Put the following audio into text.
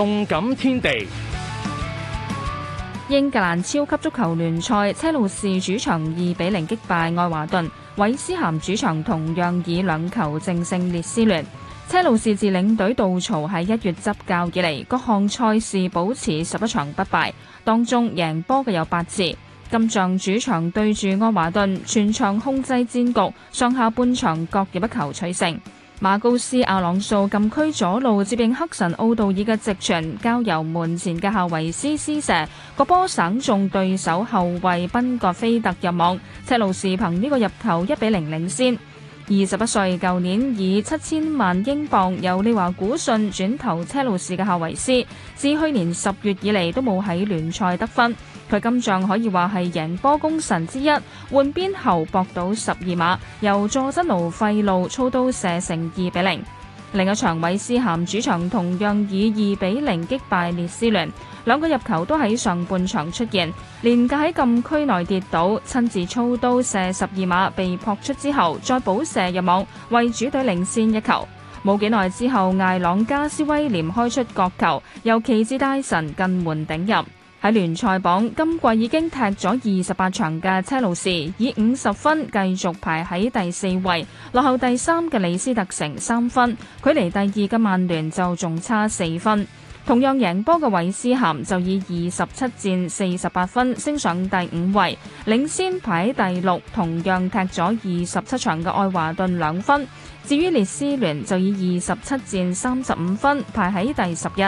動感天地，英格蘭超級足球聯賽，車路士主場二比零擊敗愛華頓，韋斯咸主場同樣以兩球淨勝列斯聯。車路士自領隊杜曹喺一月執教以嚟，各項賽事保持十一場不敗，當中贏波嘅有八次。今仗主場對住愛華頓，全場控制戰局，上下半場各入一球取勝。馬高斯阿朗素禁區左路接應黑神奧杜爾嘅直傳，交由門前嘅夏維斯施射，個波省中對手後衛賓格菲特入網，車路士憑呢個入球一比零領先。二十一歲，舊年以七千萬英鎊由利華古遜轉投車路士嘅夏維斯，自去年十月以嚟都冇喺聯賽得分。佢今仗可以話係贏波功臣之一，換邊後博到十二碼，由佐真奴費路操刀射成二比零。另一場，韋斯咸主場同樣以二比零擊敗列斯聯，兩個入球都喺上半場出現，連介喺禁區內跌倒，親自操刀射十二碼被撲出之後，再補射入網，為主隊領先一球。冇幾耐之後，艾朗加斯威廉開出角球，由奇志戴臣近門頂入。喺聯賽榜，今季已經踢咗二十八場嘅車路士，以五十分繼續排喺第四位，落後第三嘅李斯特城三分，距離第二嘅曼聯就仲差四分。同樣贏波嘅韋斯咸就以二十七戰四十八分升上第五位，領先排喺第六，同樣踢咗二十七場嘅愛華頓兩分。至於列斯聯就以二十七戰三十五分排喺第十一。